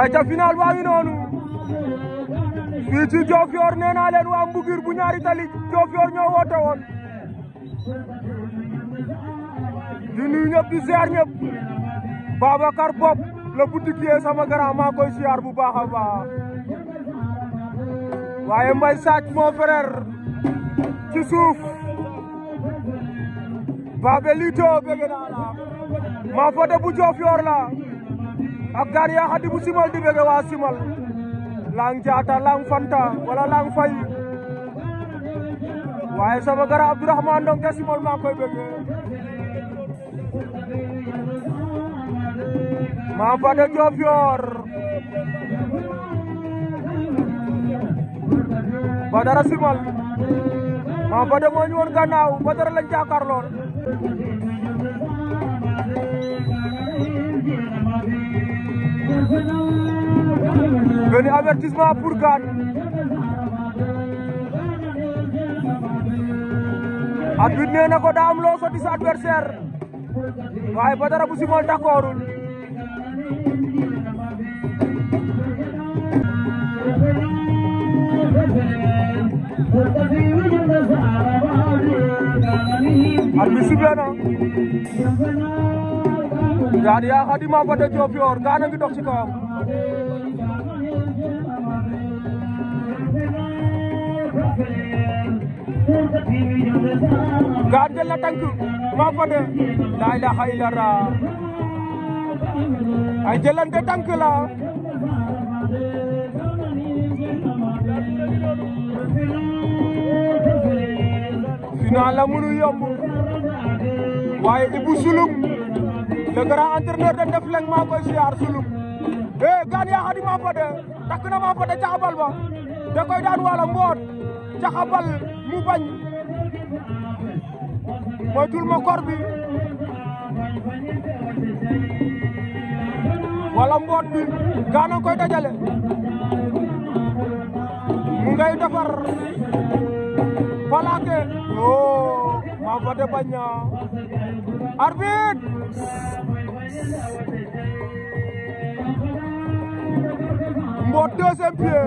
ayca final baa ngi noonu fii ci Diofior nee naa leen waa Mbugir bu ñaari tali Diofior ñoo woote woon di ñëpp di ziar ñëpp Babacar Bob la boutiquier sama grand maa koy ziar bu baax a baax waaye Mbaye Sack mon frère ci suuf Babelito bëgg naa la maa fa de bu Diofior la ab gaar yaa xadi bu simal di bëgg waa simal lang jaata lang fanta wala lang fay waaye sama gara Abdourahmane Ndong ca simal maa koy bëgg maam Fade Diop yor Badara simal maam Fade moo ñu Badara lañ jàkkaar Beni avertisman pour kat. Arbitre nee na ko daa am loo sotti sa adversaire waaye ba dara bu simal Radia Khadima Fata Diofior Ngana ngi dox ci kawam Ngane jël na tànk ma Fata la ilaha illallah ay jëlante tànk la final la mënu yomb waaye Ibou Sulum le grand entraîneur de Ndefleng maa koy siyaar suluk eh gaan yaa xadi maa fa de takk fa de caxabal ba da koy daan wala mboot caxabal mu bañ moytul ma kor bi wala mboot bi gaana koy dajale mu ngay defar palaake oh. Fodé bañ na arbitre Mbot deuxième pied